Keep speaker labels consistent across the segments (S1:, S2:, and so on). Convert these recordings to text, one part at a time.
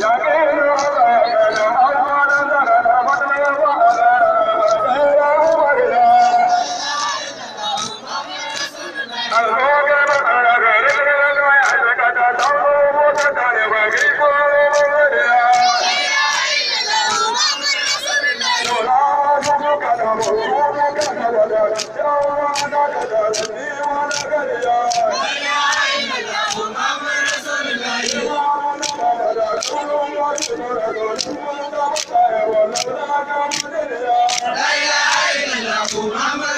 S1: Yeah. Abu Muhammad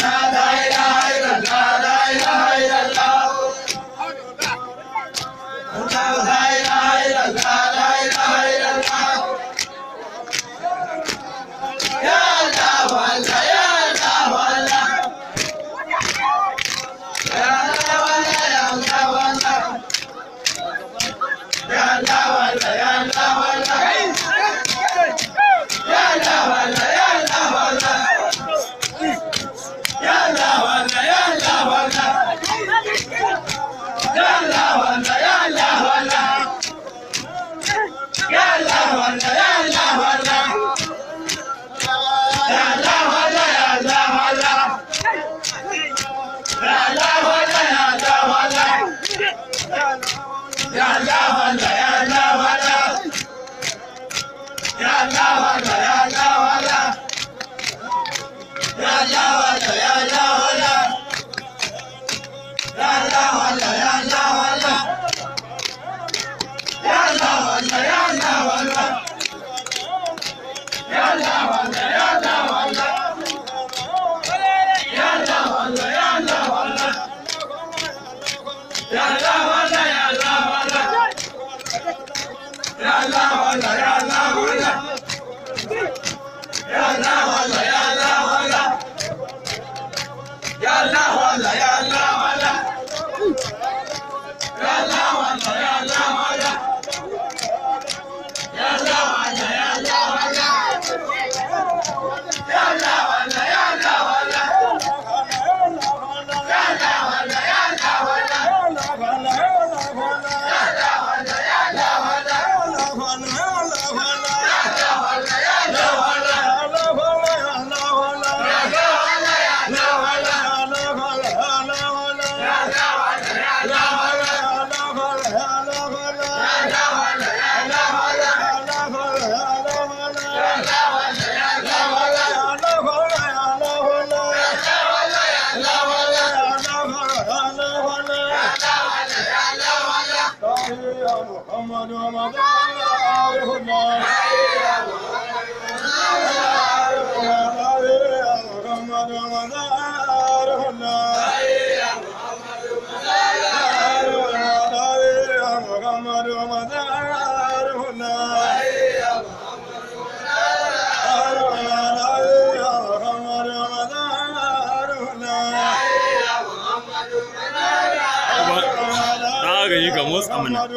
S1: nada. Muhammad Muhammad amana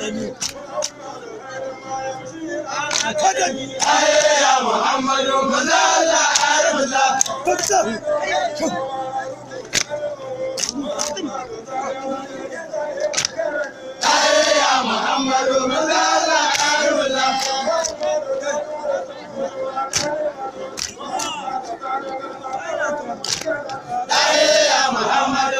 S1: Aminu. Ayaya Muhammadu Mazala Arabula. Muhammadu Muhammadu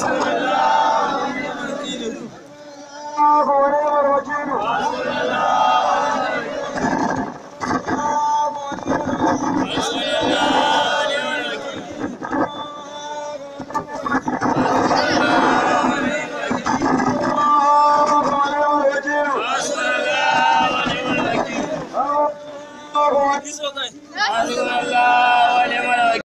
S1: That's